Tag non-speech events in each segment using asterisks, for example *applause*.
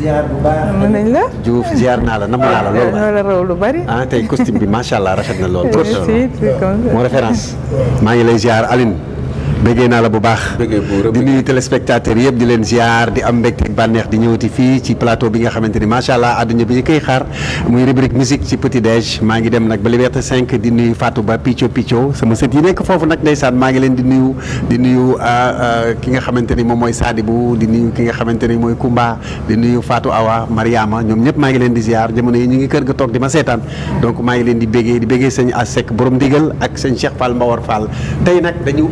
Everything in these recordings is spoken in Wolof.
ziar bu baax mën nañ la Diouf ziar naa la namm naa la lool la raw lu bari ah tey costume bi macha allah rafet na lool. moo référence maa ngi lay ziar Aline. bëggee naa la bu baax di nuyu téléspectateurs yëpp di leen ziar di am mbégte bànneex di ñëwati fii ci plateau bi nga xamante ni macha allah àdduna bi ñu koy xaar muy rubrique musique ci petit déj maa ngi dem nag ba liberté 5 di nuyu Fatou Ba picco picco sama sët yi nekk foofu nag ndeysaan maa ngi leen di nuyu ah, ah, ki nga xamante ni mooy Sadibou di nuyu ki nga xamante ni mooy Kumba di nuyu Fatou Awa Mariama ñoom ñëpp maa ngi leen di ziar jamono yi ñu ngi kër ga toog di ma seetaan donc maa ngi leen di béggee di béggee sëñ Asek borom ndigal ak sëñ Cheikh Fall Mbawar Fall tey nag dañu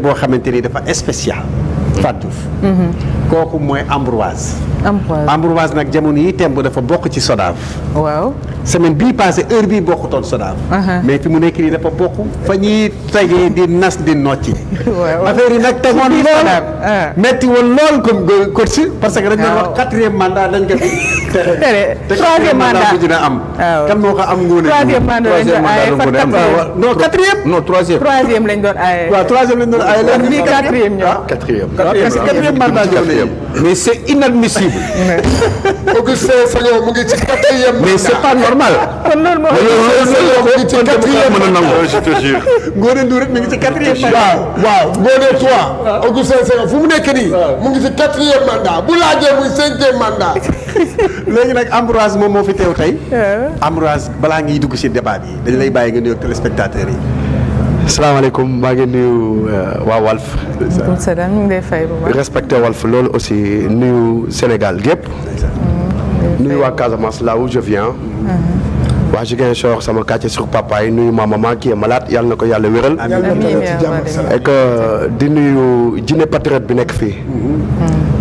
boo xamante ni dafa spécial Fatou Diouf mm-hmm. kooku mooy Ambroise. Ambroise Ambroise nag jamono yi temb dafa bokk ci SODAV. waaw semaine bii passé heure bii bokkutoon SODAV. mais fi mu nekk nii dafa bokk fa ñuy tegee di nas di nocci. *laughs* waaw affaire yi nag tegoon lool ah. metti woon lool comme coach parce que dañ doon wax quatrième mandat dañ ko fi *laughs* tere. te troisième mandat bu dina am. waaw kan moo ko am ngóone. troisième mandat lañ doon aaye fa quatrième ah, non quatrième. non troisième troisième lañ doon aaye. waaw troisième lañ doon aaye. léegi quatrième ñëw ah, quatrième. quatrième mandat mais c' est inadmissible. Augustin Senghor mu ngi ci quatrième. mais c' est pas normal. kon loolu a nangu. je te rek mi ngi ci quatrième mandat. waaw waaw fu mu nekk nii. mu ngi ci quatrième mandat bu laajee muy cinquième mandat. léegi nag Ambroise moom moo fi teew tey. Ambroise balaa ngi dugg si débat bi dañu lay bàyyi nga nuyoog téléspectateurs yi. salaamaaleykum maa ngi nuyu euh, waa Walf. respecté Walf loolu aussi nuyu Sénégal gépp mm, nuyu waa Casamance la où je viens. Mm-hmm. waa Ziguinchor sama quartier sur papa yi nuyu ma maman qui est malade yàlla na ko yàlla wéral. amiin et di nuyu jinne patriote bi nekk fii. Mm-hmm.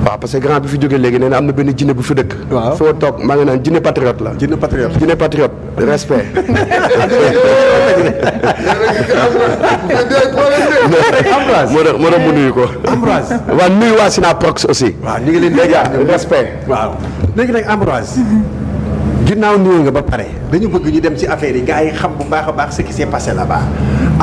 waaw parce que grand bi fi jógee léegi nee na am na benn jinne bu fi dëkk. waaw foo toog maa ngi naan jinne patriote la. jinne patriote jinne patriote respect. *laughs* *laughs* moo tax moo tax mu nuyu ko. Ambroise waaw nuyu waa Sinaprox aussi. waaw ñu ngi leen di respect. waaw léegi nag Ambroise. ginnaaw nuyoo nga ba pare dañu bëgg ñu dem ci affaire yi gars yi xam bu baax a baax ce qui s'est passé là-bas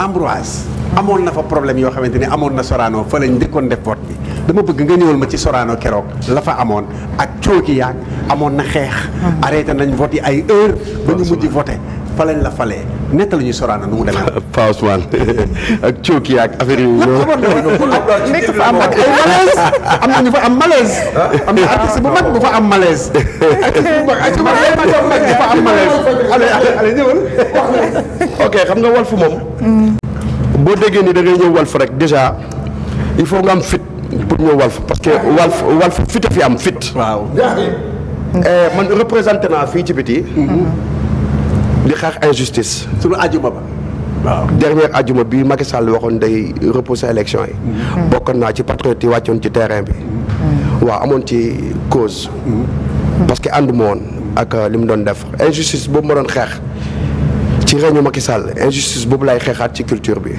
Ambroise amoon na fa problème yoo xamante ni amoon na soraanoo fa lañ njëkkoon def vote bi. dama bëgg nga ñëwal ma ci Sorano keroog la fa amoon ak cooki yaag amoon na xeex. Mm-hmm. arrêté nañ vote yi ay heure ba ñu mujj voté fa la falee nettali ñu Sorano nu mu demee. *laughs* Pa Ousmane *laughs* ak cooki yaag affaire yooyu. nekk fa am ak malaise am ñu fa am malaise. Ah. am na bu mag bu fa am malaise. artiste bu mag bu fa am malaise. allez allez ñëwal. ok xam nga Walf moom. Mm. boo déggee ni da ngay ñëw Walf rek déjà il faut nga am fit. pour ñëw Walf parce que ah. Walf Walf fit fi am fit. waaw eh, man représenté naa fii ci biti. Mhm. di xeex injustice. sunu ajuma ba. waaw dernière ajuma bi Macky Sall waxoon day repousser élection yi. Mhm. bokkoon naa ci patriote yi wàccoon ci terrain bi. Mhm. waaw amoon ci cause. parce que ànduma woon ak euh, li mu doon def injustice boobu ma doon xeex ci réñu Macky Sall injustice boobu laay xeexaat ci culture bi.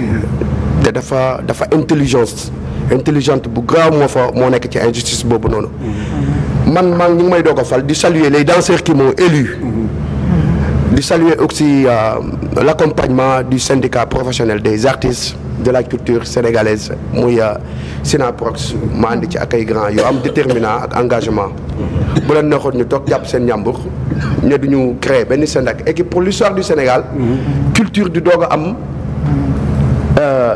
te dafa dafa intelligence. intelligente bu grave moo fa moo nekk ci injustice boobu noonu. man maa ngi may doog a fal di saluer les danseurs qui m'ont élu. di saluer aussi euh, l' accompagnement du syndicat professionnel des artistes de la culture sénégalaise muy euh, SYNAPROX ma ànd ci ak ay grand yoo am déterminant ak engagement. bu leen neexoon ñu toog jàpp seen njàmbur ñe du ñu créer benn syndicat équipe pour l'histoire du Sénégal. Mm-hmm. culture di doog a am.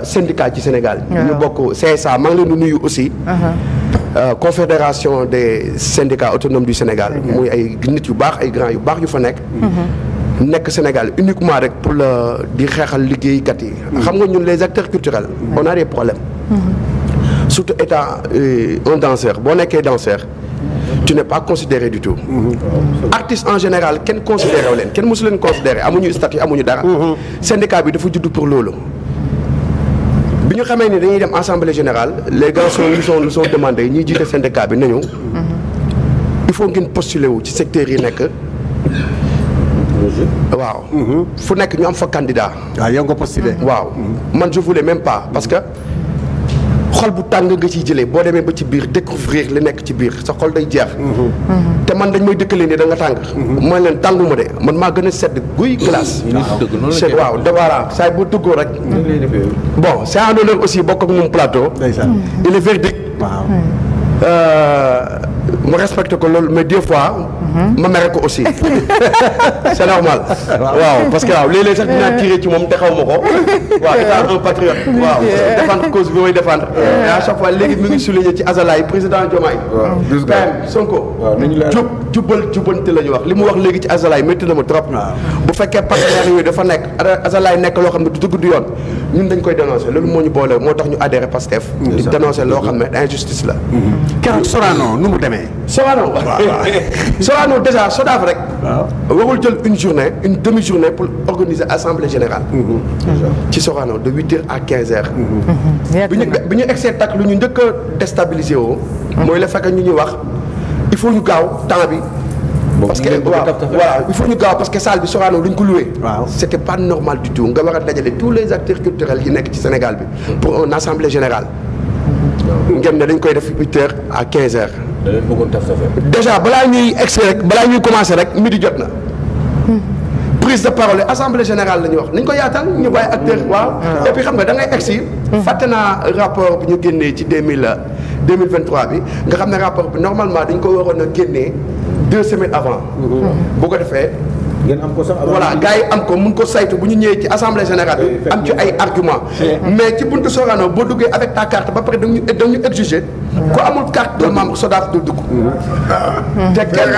syndicat ci Sénégal. ñu bokk CSA maa ngi leen di nuyu aussi. Uh-huh. Euh, confédération des syndicats autonomes du Sénégal. muy ay nit yu baax ay grand yu baax yu fa nekk. Uh-huh. nekk Sénégal uniquement rek pour la di xeexal liggéeykat yi. Uh-huh. xam nga ñu les acteurs culturels. on a des problèmes. surtout étant euh, un danseur boo nekkee danseur. tu n'es pas considéré du tout. artiste en général kenn considéré wu leen kenn mosu leen considéré amuñu statut ñu dara. syndicat bi dafa judd pour loolu. bi ñu xamee ni dañuy dem assemblée générale les gars sont ils sont ils sont demandés ñuy jiite syndicat bi nañu. il faut ngeen postuler wu ci secteur yi nekk. waaw. Mhm. fu nekk ñu am fa candidat. waaw ah, yow nga postulé. waaw man je voulais même pas parce que. xol bu tàng nga ciy jëlee boo demee ba ci biir découvrir li nekk ci biir sa xol day jeex mm-hmm. te man dañ may dëkkalee ne da nga tàng mm-hmm. mooy leen tànguma de man maa gën a sedd guy glace mm-hmm. sedd waaw dabara saay boo duggoo rek bon c'est un honneur aussi bokk ak moom plateau il est verdict waaw euh, mu respecté ko loolu mais des fois ma mere ko aussi *laughs* c'est normal. waaw parce que waaw léeg-léeg sax dinaa tiré ci moom te xaw ma ko waaw étant un patriote. waaw défendre cause bi mooy défendre. mais à chaque fois léegi mi ngi souligné ci Azalaay président Diomaye. waaw Sonko. jub jubal jubante la ñu wax li mu wax léegi ci Azalaay métti na ma trop. bu fekkee partenaire yooyu dafa nekk Azalaay nekk loo xam ne du dugg du yoon ñun dañ koy dénoncer loolu moo ñu boole moo tax ñu adhéré Pastef. di dénoncer loo xam ne injustice la. Mm-hmm. keroog Sorano nu mu demee. Sorano waaw *laughs* xalaanoo déjà SODAV rek. warul jël une journée une demi journée pour organiser assemblée générale. Mhm. Mhm. ci Sorano de huit heures à quinze mhm. bi ñu bi ñu excès tak lu ñu njëkk a woo. mooy la fekk ñu ñu wax il faut ñu gaaw temps bi. parce que waaw voilà que salle bi Sorano lu ñu ko loué. waaw c' était pas normal du tout nga war a dajale tous les acteurs culturels yi nekk ci Sénégal bi. pour une assemblée générale. ngeen ne dañ koy def huit heures à quinze da bëggoon taf tafal. déjà balaa ñuy egsi rek balaa ñuy commencé rek midi jot na. Hmm. prise de parole assemblée générale la ñuy wax nañ ko yaatal ñu bàyyi acteur waaw hmm. et xam nga da ngay egsi hmm. fàtte naa rapport bu ñu génnee ci deux mille deux mille vingt trois bi nga xam ne rapport bi normalement dañ ko waroon na génnee deux semaines avant. bu ko defee. ngeen am ko sax voilà gars yi am ko mun ko saytu bu ñu ñëwee ci assemblée générale bi am ci ay argument mais ci buntu Sorano boo duggee avec ta carte ba pare dañu dañu exiger ku amul carte de membre SODAV du dugg *laughs* te kenn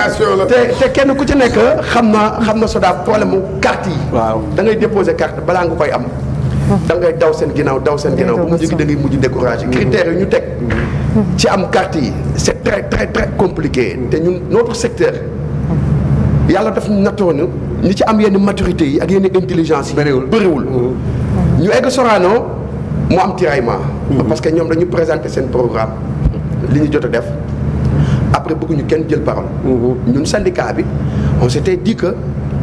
te kenn ku ci nekk xam na xam na SODAV problème mu carte yi waaw da ngay déposer carte balaa nga koy am da ngay daw seen ginnaaw daw seen ginnaaw bu mu jógi da ngay mujj découragé mm-hmm. critères yi ñu teg mm-hmm. ci am carte yi c'est très très très compliqué te ñun notre secteur yàlla def ñu nattoon ñi ci am yenn maturité yi ak yenn intelligence yi. bëriwul bëriwul. Mm-hmm. ñu egg Sorano mu am tiraillement. Mm-hmm. parce que ñoom dañu présenté seen programme li ñu jot a def après bëgguñu kenn jël parole. Mm-hmm. ñun syndicat bi on s'était di que.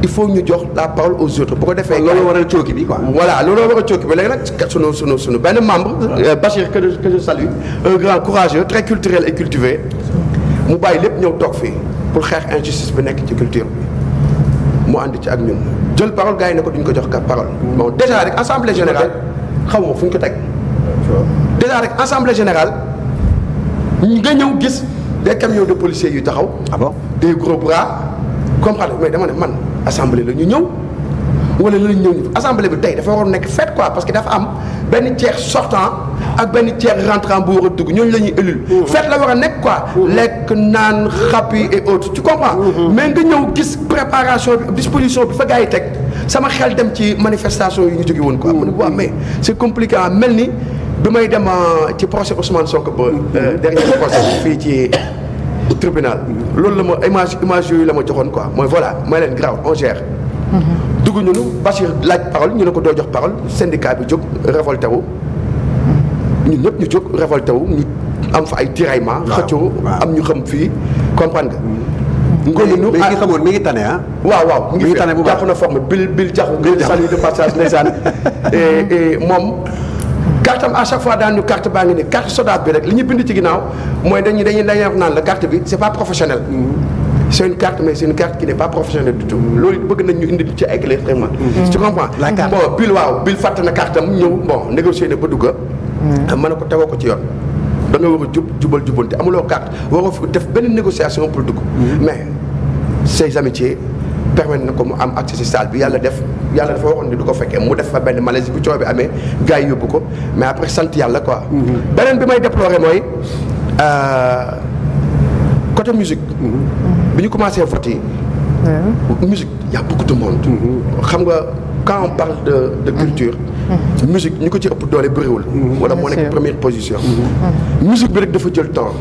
il faut ñu jox la parole aux autres bu ko defee. loolu waral cooki bi quoi. voilà loolu waral cooki bi léegi nag sunu sunu sunu benn membre. Euh, Bachir que je que je salue. un grand courageux très culturel et cultivé. mu bàyyi lépp ñëw toog fii pour xeex injustice bu nekk ci culture bi mu ànd ci ak ñun jël parole gars ne ko duñ ko jox ka parole bon déjà rek assemblée générale xawma fu ñu ko teg déjà rek assemblée générale nga ñëw gis des camions de policiers yu taxaw ah bon des gros bras comprendre mais dama ne man assemblée la ñu ñëw wala la ñëw ñu assemblée bi tey dafa waroon nekk fête quoi parce que dafa am benn ceex sortant ak benn ceex rentrant bu war a dugg ñooñu la ñuy ëllul fête la war a nekk quoi lekk naan xappi et autres tu comprends mais nga ñëw gis préparation bi disposition bi fa gars yi teg sama xel dem ci manifestation yi ñu jóge woon quoi ma ne waaw mais c'est compliqué ah, mel ni bi may dem ah, ci procès Ousmane Sonko ba euh, dernier procès fii ci tribunal loolu la ma image image yooyu la ma joxoon quoi mooy voilà may leen grave on dugg ñu nu Bachir laaj parole ñu ne ko doo jox parole syndicat bi jóg révolté wu ñun ñëpp ñu jóg révolté wu ñu am fa ay tiraillement xëccoo am ñu xam fii comprendre nga. ngóob yi ñu mi ngi tane ah. waaw waaw mi ngi tane bu baax na forme bil bil jaxu ngir salut de passage ndeysaan *laughs* et moom. carte am à chaque fois daan ñu carte baa ngi ne carte SODAV bi rek li ñu bind ci ginnaaw mooy dañuy dañuy dañuy naan la carte bi c'est pas professionnel. Mm. c'est une carte mais c'est une carte qui n'est pas professionnelle du tout loolu bëgg nañ ñu indi ci ay clé vraiment. Mm-hmm. tu comprends. la carte bon pile waaw pile fàtte na carte am ñëw bon négocier na ba dugga mm-hmm. mën na ko tegoo ko ci yoon. da nga jub jubal jubante amuloo carte waroo def benn négociation pour dugg. Mm-hmm. mais ces amitiés permettre na ko mu am accès si bi yàlla def yàlla dafa waxoon ne du ko fekkee mu def fa benn malaise bu coow bi amee gars yi yóbbu ko mais après sant yàlla quoi. beneen bi may déplorer mooy. Euh, côté musique. bi ñu commencé voter. musique y a beaucoup de monde. xam nga ka on parle de de culture. musique ñu ko ci ëpp doole bëriwul. Mm-hmm. wala moo nekk première position. Mm-hmm. musique bi rek dafa jël temps.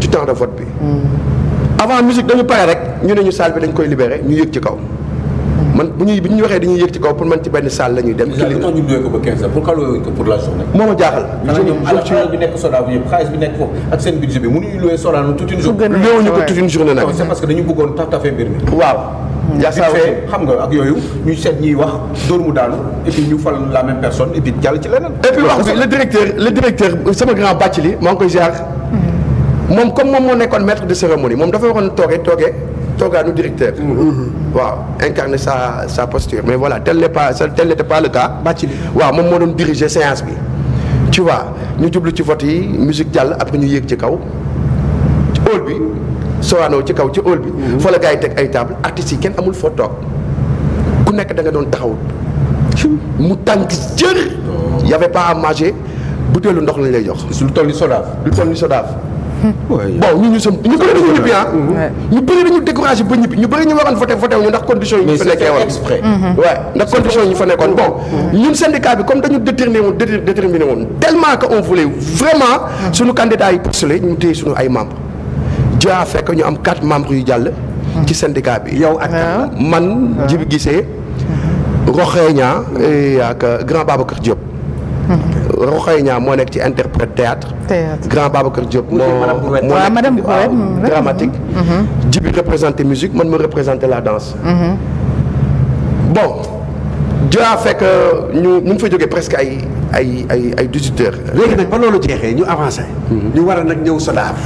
ci temps de vote bi. Mm-hmm. avant musique dañu pare rek ñu ne ñu saal bi dañ koy libéré ñu yëg ci kaw. man bu ñuy bu ñu waxee dañuy yëg ci kaw pour man ci benn salle la dem. moo ma jaaxal. xaalis bi nekk Sodav bi nekk foofu ak seen budget bi mënuñu louer Sodav ko toute nag. c'est nga ak yooyu ñuy ñuy wax dóor mu daanu et ñu fal la même personne et puis jàll ci leneen. et puis wax bi le directeur sama grand bàcc li maa koy ziar. Mm-hmm. moom comme moom moo nekkoon maître de cérémonie moom dafa waxoon toogee toogee toogaanu directeur. Mm-hmm. waaw incarner sa sa posture mais voilà tel n'est pas tel n'était pas le cas. Bathily waaw moom moo doon diriger séance bi. tu vois ñu jublu ci vote yi musique jàll après ñu yéeg ci kaw ci hall bi Sorano ci kaw ci hall bi. Mhm. fa la gars teg ay table artistes yi kenn amul foo toog ku nekk danga nga doon taxawut mu tànk jër. Oh. y avait pas à manger butéelu ndox lañ lay jox. lu toll ni sodaaf. lu toll ni sodaaf. bon ñu ñu sëm ñu bëri dañu ñibbi ah ñu bëri dañu découragé ba ñibbi ñu bëri ñu waroon voté voté ñu ndax condition yi ñu fa nekkee woon waaw mm-hmm. ndax condition yi ñu fa nekkoon bon mm-hmm. ñun syndicat bi comme dañu déterminé woon déterminé woon tellement que on vraiment mm-hmm. suñu candidat yi ñu téye suñu ay membres jaa fekk ñu am quatre membres yu jàll ci syndicat bi yow ak ah. man Djibi Guissé Roxeña ak euh, grand Babacar Diop Mm-hmm. Rokhaya Niang moo nekk ci interprète théâtre grand Babacar Diop moo moo nekk mm-hmm. dramatique mm-hmm. Djibi représenté musique man ma représenté la danse bon jaa fekk euh, ñu ñu ngi fa jógee presque ay ay ay ay dix-huit heures léegi nag ba loolu jeexee ñu avancé ñu war a nag ñëw SODAV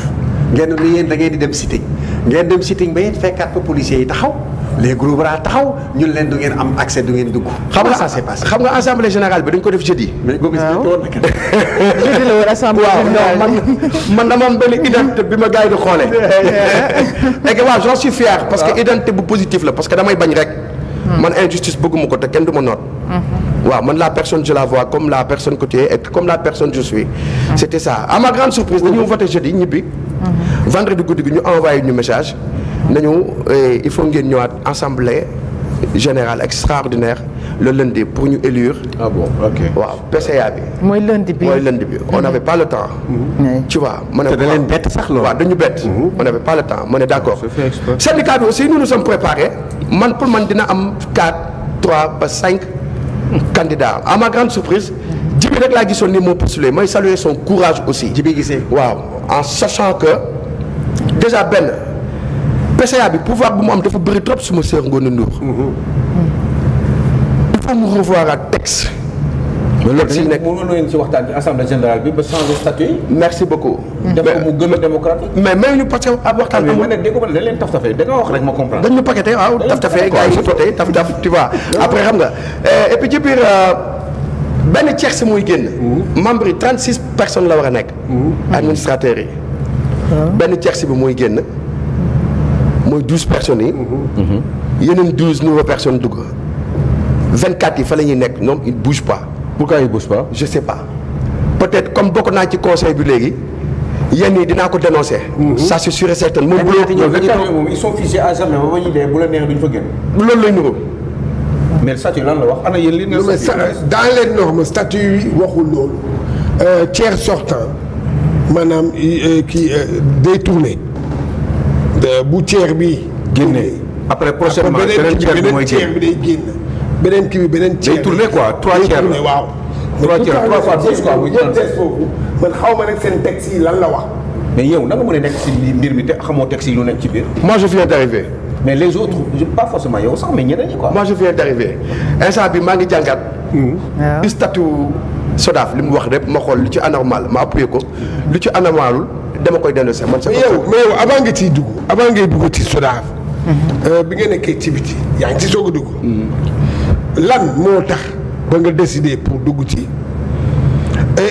ngeen ni yéen da ngeen di dem sitting ngeen dem sitting ba yéen fekkaat fa policiers yi taxaw les groupes ra taxaw ñun leen du ngeen am accès du ngeen dugg. xam nga assemblée générale bi dañ ko def jeudi. Ah. na kenn. *laughs* jeudi la war waaw man dama am benn bi ma gars yi di xoolee. *laughs* et que waaw j'en suis fier parce que identité bu positif la parce que damay bañ rek. Hmm. man injustice bëgguma ko te kenn du ma noot. Hmm. waaw man la personne je la vois comme la personne que tu es et comme la personne je suis. Hmm. c'était ça à ma grande surprise. dañu voté jeudi ñibbi. vendredi guddi gi ñu envoyé ñu nañu eh, il faut ngeen ñëwaat assemblée générale extraordinaire le lundi pour ñu élire. ah waaw PCA bi. mooy lundi bi mooy lundi bi on mhm. n'avait pas le temps. Mhm. tu man ma ne. da leen bett sax loolu waaw dañu bett. Mhm. on n'avait pas le temps ma ne d'accord. syndicat bi aussi nous nous sommes préparés man pour man dina am 4 3 ba 5 candidats à ma grande surprise. Jibi rek laa gisoon ni moo postulé may saluer son courage aussi. Jibi gise waaw en sachant que déjà benn. PCA bi pouvoir bu mu am dafa bëri trop suma sœur Ngoné Ndour il faut mu revoir à texte nekk mënoon si waxtaan bi assemblée générale bi ba changer statut merci beaucoup. def ko mu gën mais mais ñu parce que ab waxtaan bi. Ah, mais nag dégg nga leen taf tafee da nga wax rek ma comprendre. dañ ñu paqueté waaw taf taf taf tu après xam nga euh, et puis ci biir euh, benn tierce muy génn. Mm-hmm. membre yi 36 personnes la war a nekk. Mm-hmm. administrateurs yi. Ah. benn tierce bi muy génn. mooy douze personne yi. Mhm. yeneen douze nouvelles personnes dugg. vingt quatre yi fa la ñuy nekk ñoom une bougent pas. pourquoi ils bougent pas. je sais pas peut-être comme bokk naa ci conseil bi léegi. yenn ñii dinaa ko dénoncer. Mhm. ça c'est sûr et certain. moom bu la ñoom ñoom ils sont figés à jamais neex duñ fa génn. loolu lay nuru. mais statut lan la wax ana yéen li ñu dans les normes statut yi waxul loolu. Euh, tiers sortant maanaam euh, kii euh, day bu ceex bi. génnee après prochainement beneen ceex bi mooy génn bi day génn. beneen kii bi beneen ceex day tourné quoi trois ceex la waaw. trois ceex trois fois plus quoi muy foofu xaw ma nag seen texte lan la wax. mais yow naka mën a nekk si mbir mi te xamoo texte yi lu nekk ci biir. moi je viens d'arriver. mais les autres yow sax mais ñeneen ñi quoi. moi bi maa ngi jàngat. waaw hmm. statut SODAV li mu wax rek ma xool lu ci anormal ma appuyé lu ci anormalul. dama koy delloo sax man. sa mais avant nga ciy dugg avant ngay dugg ci SODAV. Mhm. Euh, bi nga nekkee ci biti yaa ngi ci soog a dugg. Mhm. lan moo tax ba nga décider pour dugg ci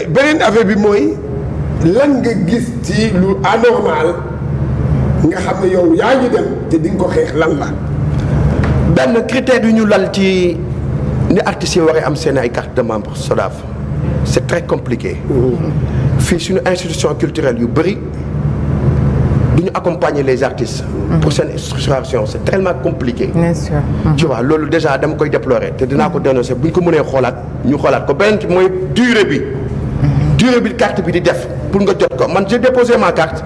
beneen affaire bi mooy lan nga gis ci lu anormal nga xam ne yow yaa ngi dem te di ko xeex lan la. benn critère yu ñu lal ci ni artistes yi waree am seen ay carte de membre SODAV c'est très compliqué. Mhm. fii suñu institution culturelle yu bëri duñu ñu les artistes. Mm-hmm. pour seen structuration c' est tellement compliqué. bien mm-hmm. loolu déjà dama koy déplorer te dinaa ko mm-hmm. dénoncer bu ñu ko mënee xoolaat ñu xoolaat ko beneen bi mooy durée bi. durée bi carte bi di def pour nga jot ko man j'ai déposé ma carte.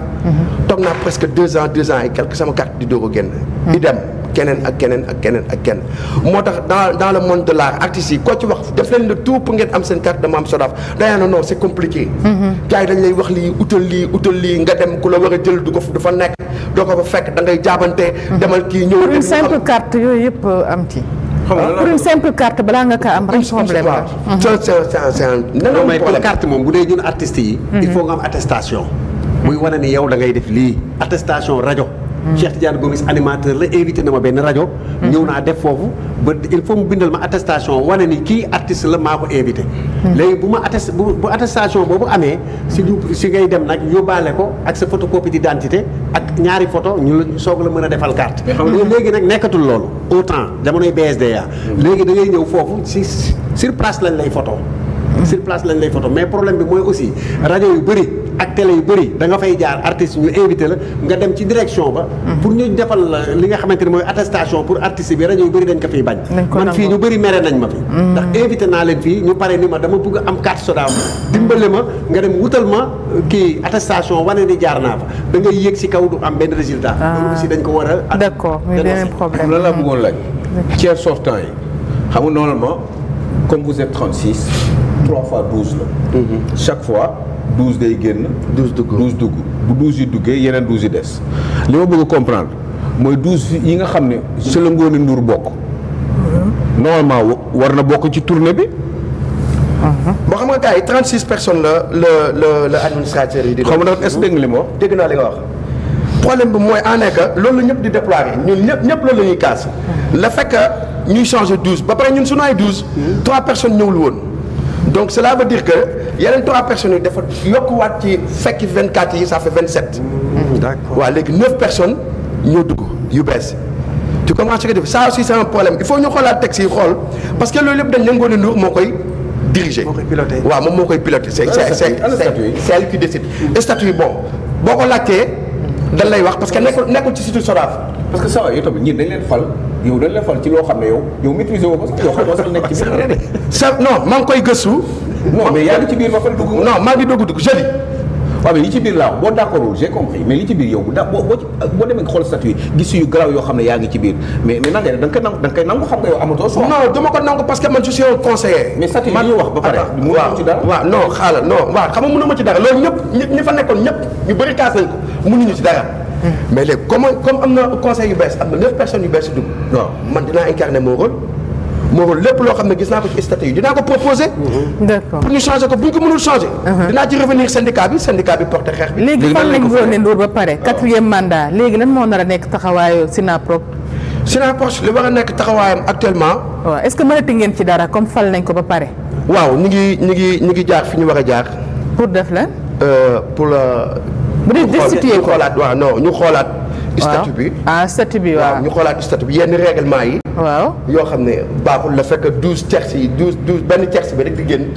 toog naa presque deux ans deux ans et quelques sama carte di doog a génn. di dem. ak keneen ak keneen ak keneen moo tax dans dans le monde de l'art artistes yi koo ci wax def leen le tout ngeen am seen carte de membre SODAV dayaa na non compliqué mm-hmm. gars yi lay wax lii utal lii utal lii nga dem ku la war a jël du ko du fa nekk doo ko fa fekk da jaabante mm-hmm. demal kii ñëw pour une carte yooyu yëpp euh, am ci pour une simple carte balaa nga kaa am problème la. Mm-hmm. carte moom bu dee ñun artistes yi. il faut nga am attestation. muy wane ni yow da ngay Cheikh Tidiane Gomis animateur la invité na ma benn rajo. ñëw naa def foofu ba il faut mu bindal ma attestation wane ni kii artiste la maa ko invité. léegi bu ma attest bu attestation boobu amee si ñu si ngay dem nag yóbbaale ko ak sa di d'identité ak ñaari photo ñu soog la mën a defal carte. léegi nag nekkatul loolu autant jamonoy BSDA. Mm. léegi da ngay ñëw foofu si sur place lañ lay photo sur place lañ lay photo mais problème bi mooy aussi rajo yu bëri ak tele yu bëri da nga fay jaar artiste ñu invité la nga dem ci direction ba mm-hmm. pour ñu defal la li nga xamante ne mooy attestation pour artiste bi rajo yu bëri dañ ko fiy bañ man fii ñu bëri mere nañ ma fi mm-hmm. ndax invité naa leen fii ñu pare ni ma dama bëgg am carte soda dimbale ma nga dem wutal ma euh, kii attestation wane ni jaar naa fa da ngay yéeg si kaw du am benn résultat ah. loolu dañ ko war a d'accord muy beneen problème lan laa bëggoon laaj tiers sortant yi xam nga normalement comme vous 3 fois 12 la. Mhm. chaque fois 12 day génn. 12 dugg 12 dugg bu 12 yi duggee yeneen 12 yi des. li ma bëgg comprendre mooy 12 yi nga xam ne ci la Ngoné Ndour bokk. Mhm. normalement war na bokk ci tournée bi. Mhm. boo xam nga gars yi 36 personnes la la la la administrateur yi. di xam nga est-ce dégg naa li nga wax. problème bi mooy en est que loolu ñëpp di déployer ñun ñëpp ñëpp loolu la ñuy kaas. la fekk ñuy changer 12 ba pare ñun su ay 12. 3 personnes ñëwul woon. donc cela veut dire que yeneen trois personnes yi dafa yokkuwaat ci fekki 24 yi ça fait 27. Mmh, d'accord waaw léegi 9 personnes ñoo dugg yu bees. tu commences ko def ça aussi c'est un problème il faut ñu xoolaat texte yi xool parce que loolu yëpp dañ leen ngoone Ndour moo koy diriger. moo koy piloter waaw moom moo koy piloter. c'est c'est c'est elle qui décide. statut yi bon boo ko laajtee dañ lay wax parce que nekkul nekkul ci surtout SODAV. parce que saa waay yow tamit ñii dañ leen fal yow dañ leen fal ci loo xam ne yow yow maîtriser woo ko sax *laughs* koy gëstu. non mais waaw boo demee nga xool statut yi gis yu garaaw yoo xam ne yaa ngi ci biir mais mais nan nga da nga koy nangu da nga koy nangu xam nga yow amatoo soo. non ko nangu parce man je suis conseiller. mais statut yi ñu wax ba pare. waaw ci waaw non xaaral non waaw xam nga mënuma ci dara loolu ñëpp ñi fa nekkoon ñëpp ñu bëri kaas nañ ko mënuñu ci dara Mm. mais léegi comme comme am na conseil yu bees am na neuf personnes yu bees yu dugg. waaw man dinaa incarner mon rôle. lépp loo xam ne gis naa ko ci statut yi dinaa ko proposer. Mm-hmm. d'accord pour ñu changer ko bu ñu ko mënul changer. Uh-huh. dinaa ci revenir syndicat bi syndicat bi porté xeex bi. léegi fan lañ zone Ndour ba pare quatrième mandat léegi lan moo nar a nekk taxawaayu SYNAPROC. SYNAPROC li war a nekk taxawaayam actuellement. waaw est-ce ngeen ci dara comme fal nañ ko ba pare. waaw ñu ngi ñu ngi jaar fi ñu war a pour def euh, la. bu dee destitué ko xoolaat waaw non ñu xoolaat. statut bi ah statut bi waaw bi yenn réglement yi. waaw yoo xam ne baaxul la fekk douze tiers yi douze douze benn tiers bi rek di génn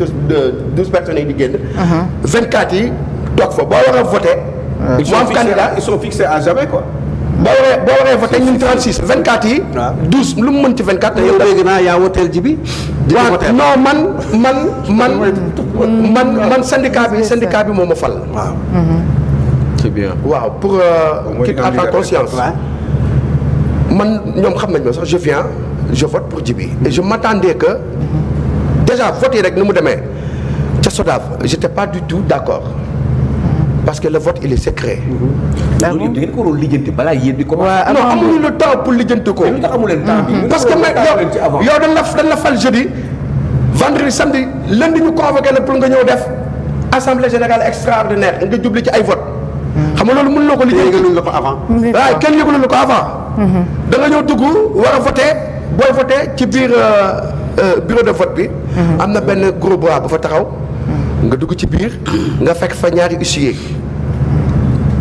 douze personnes yi di génn. Uh-huh. vingt quatre yi toog fa boo war a voté. ils sont fixés ils sont fixés à jamais quoi. boo waree boo waree voté ñun 36 24 yi. waaw 12 lu mu mën ci 24. yow léegi naa yaa woteel ji bi. di non man man man *laughs* man man syndicat bi syndicat bi moo a fal. waaw. Mm-hmm. c'est bien waaw pour. quitte à ta conscience man ñoom xam nañ ma sax je viens je vote pour Djiby et je m'attendais que déjà vote rek ni mu demee ca SODAV j'étais pas du tout d'accord parce que le vote il est secret. Mm-hmm. da ngeen ko waroon lijjanti balaa yéen di commencé. non amuñu le temps pour lijjanti ko. Mm-hmm. parce que yow yow dañ la dañ la fal jeudi. vendredi samedi lundi ñu convoqué la pour nga ñëw def assemblée générale extraordinaire nga jubli ci ay vote xam nga loolu mën loo ko liggéey. te yëgaluñ la ko avant. waaw kenn yëgaluñ la ko avant. Mm-hmm. da nga ñëw dugg war a voté booy voté ci biir euh, euh, bureau de vote bi. Mm-hmm. am na benn gros bras bu fa taxaw. Mm-hmm. nga dugg ci biir nga fekk fa ñaari huissier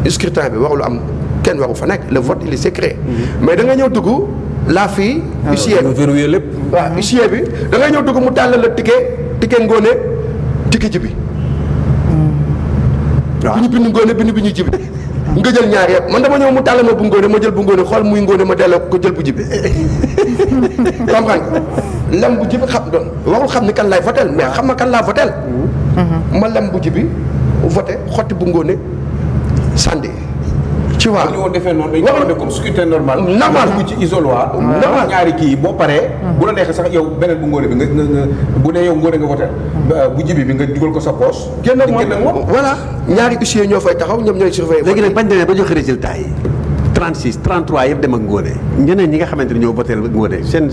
scrutin bi warul am kenn waru fa nekk le vote il est mais da ñëw duggu laa fii. Ah, huissier bi verrouillé lépp. waaw huissier bi da nga ñëw dugg mu tàllal la ticket ticket ngóone ticket bi. waaw bu ñu bind ngóone bind bi ñu jibi nga jël ñaar yëpp man dama ñëw mu tàllal ma bu ngóone ma jël bu ngóone xool muy ngóone ma delloo ko jël bu jibi xam *laughs* nga lem bu jibi xam warul xam ni kan laay votel mais xam ma kan laa votel mm-hmm. ma lam bu jibi voté xotti bu ngóone sànni tu vois ñu woon defee noonu dañu ko def comme scrutin normal. normal dugg ñaari kii yi boo paree. Hmm. bu la neexee sax yow beneen bu ngóore bi nga nga bu ne yow ngóore nga wote. Hmm. bu jibi bi nga dugal ko sa poche. génn ak moom voilà ñaari huissier ñoo fay taxaw ñoom ñooy surveiller. léegi nag bañ demee ba joxe résultat yi. 36 33 yëpp dem ak ngóore ñeneen ñi nga xamante ni ñoo voté ngóore seen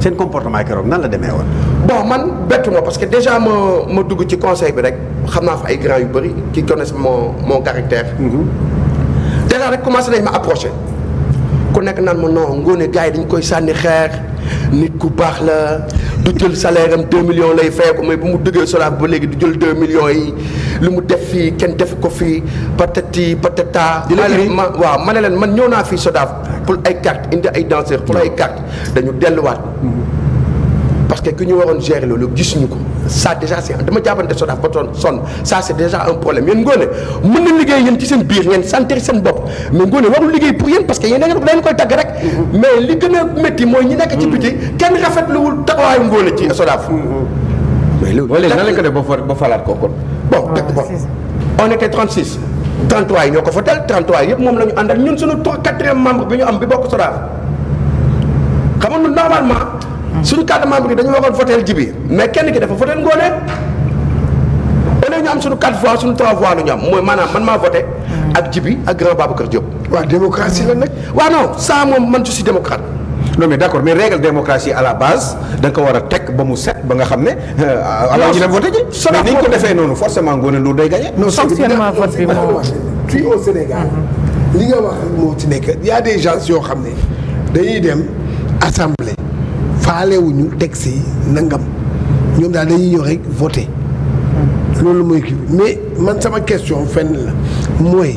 seen comportement keroog na la demee woon. bon man bettu ma parce que déjà ma ma dugg ci conseil bi rek xam naa fa ay grand yu bëri qui connaissent mon mon caractère. Mm-hmm. déjà rek commencé nañ ma approché ku nekk naan ma non ngoone gars yi dañ koy sànni xeer nit ku baax la du jël salaire am 2 millions lay fay ko mais bu mu duggee Sodav ba léegi du jël 2 millions yi lu mu def fii kenn def ko fii patati patata. di la ma waaw ma ne leen man ñëw naa fii Sodav pour ay cartes indi ay danseurs pour ay cartes dañu delluwaat. Mhm. que ku ñu waroon gérer loolu gisuñu ko ça déjà c'est dama jàppante SODAV ba toon sonn ça c'est déjà un problème yéen ngoone mën na liggéey yéen ci seen biir ngeen santer seen bopp mais ngoone warul liggéey pour yéen parce que yéen da ngeen koy tagg rek mm-hmm. mais li gën a métti mooy ñi nekk ci mm-hmm. biti kenn rafetluwul taxawaayu ngoone ci SODAV mm-hmm. mais loolu nan lañ ko ba falaat ko kon bon ah, on était 36 33 yi ñoo ko fa tel 33 moom la ñu àndal ñun suñu 3 quatrième membre bi ñu am bi bokk SODAV xam nga normalement suñu carte membre yi dañu waxoon votel jibi mais kenn ki dafa votel ngoone au lieu ñu am suñu quatre voix suñu trois voix lu ñu am mooy maanaam man maa voté ak jibi ak grand Babacar Diop waaw démocratie la nag waaw non ça moom man je suis démocrate non mais d' mais règle démocratie à la base da nga ko war a teg ba mu set ba nga xam ne. Euh, alors ñu dem ji. mais ni ñu ko defee noonu forcément ngoone lu day gagné. non fonctionnement vote bi moom fii au Sénégal. Mm-hmm. li nga wax moo ci nekk y' a des gens yoo xam ne dañuy dem assemblée. faalewuñu texte si nangam ñoom daal dañuy ñëw rek voté loolu mooy kii mais man sama question fenn la mooy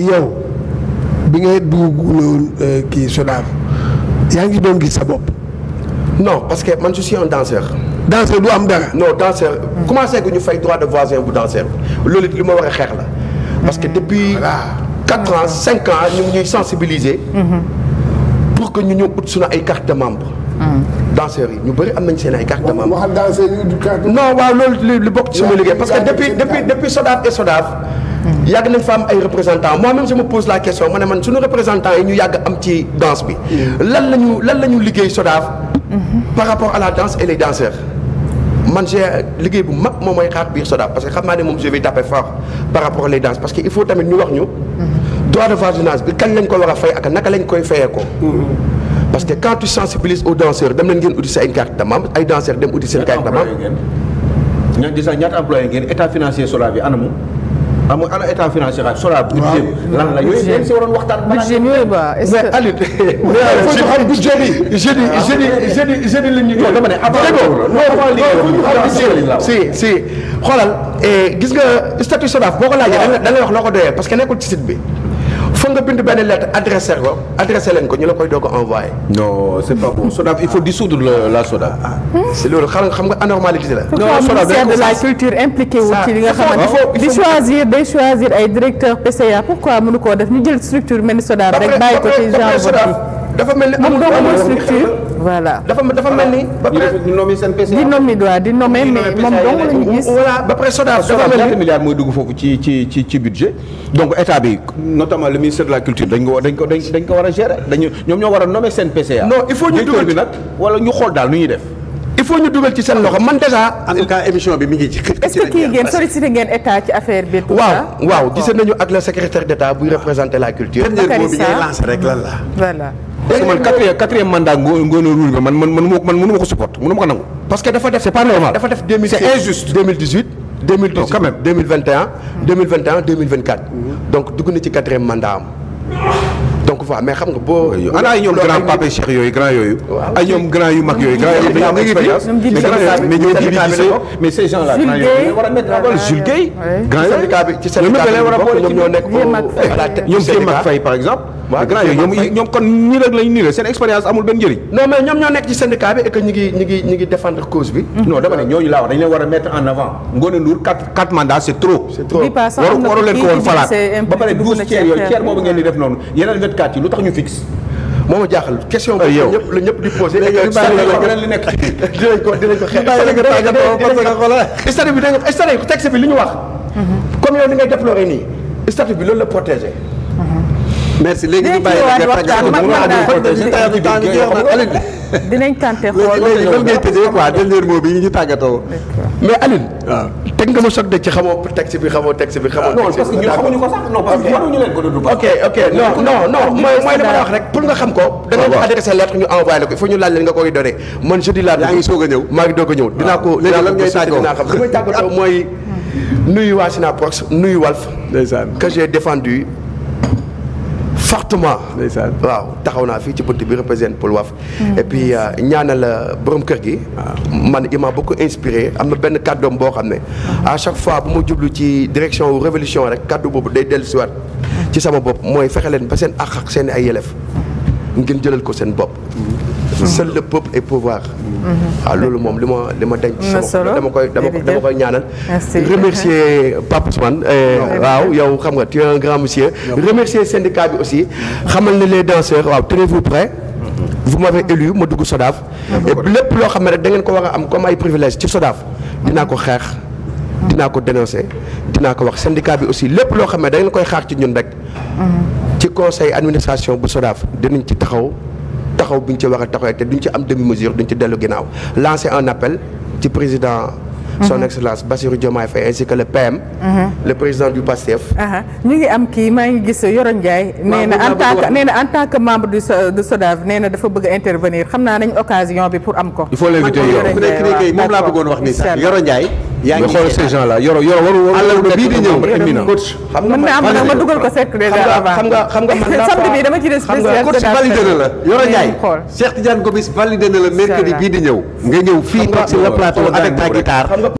yow bi ngay dugg euh, kii SODAV yaa ngi doon gis sa bopp. non parce que man je suis un danseur. danseur du am dara. non danseur commencé gu ñu fay droit de voisin bu danseur loolu it li ma war a xeex la. parce que hmm, depuis. voilà quatre ans cinq ans ñu ngi ñuy sensibiliser. Mm-hmm. que ñu ñëw ut suñu ay carte membre hmm. danseurs yi ñu bëri am nañ seen ay carte membre waxal non waaw loolu li bokk ci sama liggéey parce que depuis depuis depuis SODAV et SODAV hmm. yàgg nañ fa am ay représentant moi même je me pose la question ma ne man suñu représentant yi ñu yàgg am ci danse bi hmm. lan la ñu lan la ñu liggéey SODAV par rapport à la danse et les danseurs man j'ai liggéey bu mag moom mooy xaar biir SODAV parce que xam naa ne moom je vais taper fort par ñu droit de voisinage bi kañ lañ ko war a fay ak naka lañ koy fayee ko. Mm-hmm. parce que quand tu sensibilises aux danseurs dem leen ngeen uti seen carte de membre ay danseurs dem uti seen carte de membre. ñoom que *laughs* mais Aliou. mais budget ne avant si si eh, ko laajee. da nga wax ko doyee bi. faut nga bind benn lettre adressé ko adressé leen ko ñu la koy doog a envoyé. non c'est pas bon SODAV il faut dissoudre la SODAV. Ah, c'est loolu xam nga xam nga la. non SODAV de la culture impliqué wu ci li nga di choisir day choisir ay directeur PCA pourquoi mënu koo def ñu jël structure mel ni SODAV rek bàyyi ko ci genre dafa mel ni moom doo amul structure voilà dafa dafa mel ni. ba pare di nommer seen PCA di nommer doy di nommer mais moom dong la gis. ba pare SODAV dafa mel mooy dugg foofu ci ci ci ci budget donc état bi notamment le ministère de la culture dañ ko dañ ko war a gérer dañu war a nommer seen PCA. non il faut ñu dugal bi nag wala ñu xool daal nu ñuy def. il faut ñu dugal ci seen loxo man déjà. en tout émission bi mi ngi ci. est-ce que kii ngeen sollicité ngeen état ci affaire bi. waaw waaw gisee nañu ak le secrétaire d'état buy représenter la culture. dernier mot bi ngay rek lan la. parce que ma ko support mënu ma ko nangu. parce que dafa def c'est pas normal dafa def c'est injuste deux mille dix-huit. deux mille dix-huit quand même deux mm-hmm. donc dugg na ci quatrième mandat am. donc voilà mais ay ñoom grand papa Cheikh yooyu grand yooyu. ay ñoom grand yu mag yooyu. grand yooyu am yooyu grand yooyu a mettre Mag Faye par exemple. grand yooyu ñoom kon nii rek lañ nii rek seen expérience amul benn njëriñ. non ñooñu laa wax dañ leen war a mettre en avant. Ngone Ndour quatre quatre c'est trop. c'est ko woon falaat ba pare douze tiers yooyu tiers boobu ngeen di def noonu 24 yi lu tax ñu fixe moo ma jaaxal question bi ñëpp la ñëpp di posé li nekk dinañ ko dinañ statut bi dinañ statut bi bi li ñu wax comme yow li ngay déploré nii statut bi loolu la protégé merci léegi ñu bàyyi la nga tàggatoo man man daal dinañ tànte xool léegi lan ngay tëjee quoi dernier mot bi ñu tàggatoo. mais Alioune. waaw ah. teg nga ma soog de ci xamoo texte bi xamoo texte bi. xamoo ah, texte bi non parce que ñun xamuñu ko sax non parce que waruñu leen ko dudd. ok ok non non non mooy mooy dama la wax rek pour nga xam ko. da nga ñu adressé lettre ñu envoyé la ko il faut ñu laaj leen nga koy donné man jeudi laa. yaa ngi soog a ñëw maa ngi doog a ñëw. dinaa ko léegi lan ngay tàggatoo dinaa xam li may tàggatoo mooy nuyu waa Sinaprox nuyu Walf que j'ai défendu fortement waaw taxaw naa fii ci bunt bi représente Paul Waf hmm. et puis euh, ñaanal euh, borom kër gi man il m'a beaucoup inspiré am na benn kàddoom boo xam ne hmm. à chaque fois bu ma jublu ci direction wu révolution rek kàddu boobu day dellu siwaat ci sama bopp mooy fexe leen ba seen àq ak seen ay yelef ngeen jëlal ko seen bopp seul le peuple est pouvoir. waaw mhm. ah, loolu moom li ma li ma denc. sama dama koy dama dama koy ñaanal. remercier Pape Ousmane. Eh, waaw yow xam nga tu es un grand monsieur. remercier syndicat bi aussi. xamal na les danseurs waaw tenez-vous vous ma dugg SODAV. lépp loo xam ne rek da ngeen ko wax a am comme ay privilèges ci SODAV. dinaa ko xeex dinaa ko dénoncer dinaa ko wax syndicat bi aussi lépp loo xam ne da koy xaar ci ñun rek. Mhm. ci conseil administration bu SODAV dinañ ci taxaw. taxaw bi ñu ci war a taxawee te duñ ci am demi mesure duñ ci dellu ginnaaw lancer un appel ci président son mhm. excellence Bassirou Diomaye Faye ainsi que le PM. Mhm. le président du PASTEF. ñu ngi am kii maa ngi gis Yoro Ndiaye. en tant que en tant membre du du SODAV dafa bëgg a intervenir xam naa nañ occasion bi pour am ko. il faut l'inviter Yoro moom laa bëggoon wax nii ko sekk déjà *laughs* na la Yoro bii di ñëw nga ñëw fii toog sur le plateau avec ta guitare